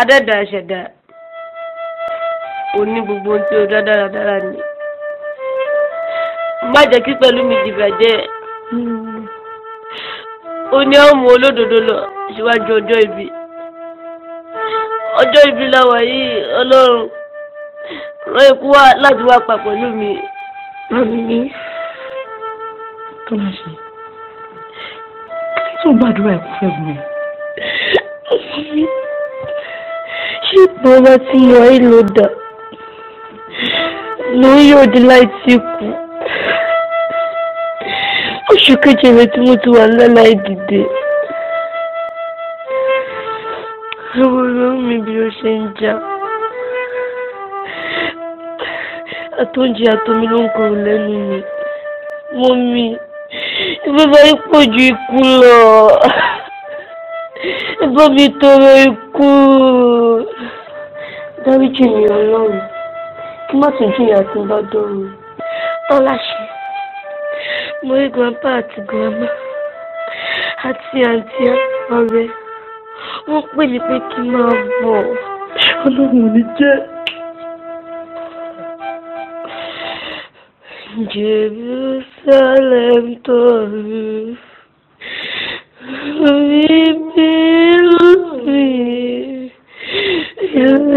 adẹ́dà ẹ̀ṣẹ̀dá òní gbogbo ohun tí o dá dáradára ni má jẹ́ kí pẹ̀lú mi dìbàjẹ́ ó ní ọmọ olódodo lọ síwájú ọjọ́ ibi ọjọ́ ibi làwà yìí ọlọ́run rán ikú wá láti wá pa pẹ̀lú mi. àmì tó máa ṣe tó gbàdúrà ẹ̀kú fẹ́ gùn bọ́wọ́ tí yọ ẹ́ ló dà lórí òde láì tí kú oṣù keje rẹ tí mo ti wà láláì dìde lọ́wọ́ ló ń mi bí ó ṣe ń jà àtúnjẹ àtomi ló ń kọ lẹ́nu mi mọ́ mi ìbábá yìí pọ̀ ju ikú lọ bá mi tọrọ ikú dáríjì mi ọlọ́run kí má tún jìyà tí n bá dọ̀run. tọ́láṣẹ mo rí grandpa àti grandma àti àǹtí ọ̀rẹ́ wọ́n pè mí pé kí n máa bọ̀ ọlọ́run ò ní jẹ́. Jerusalem tọ̀run. Bíbí.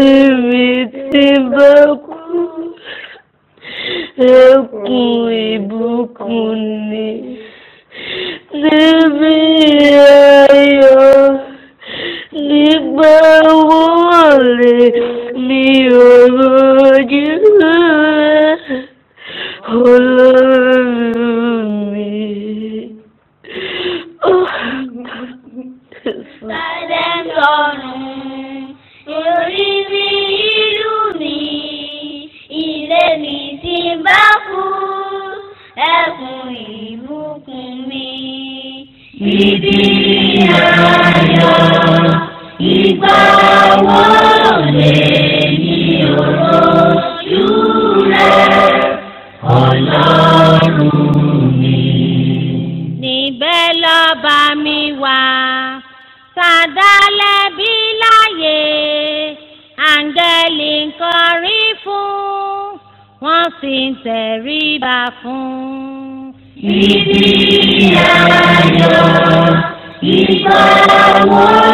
Merci beaucoup. Beaucoup beaucoup ni. Níbi ayọ̀ nígbà wọlé mi ò rojú rẹ̀ olórí Silence on ẹni tí bá kú ẹkùn ìbùkún mi. Ibi ayọ̀ ìgbà wo lè ní òròjú rẹ̀ ọlọ́run mi. Níbẹ̀ lọ́ba mi wà, sàdálẹ̀ láyé, àǹgẹ̀lì ń kọrin fún wọ́n sì ń tẹríba fún. ìdí ayọ̀ ìgbà wo.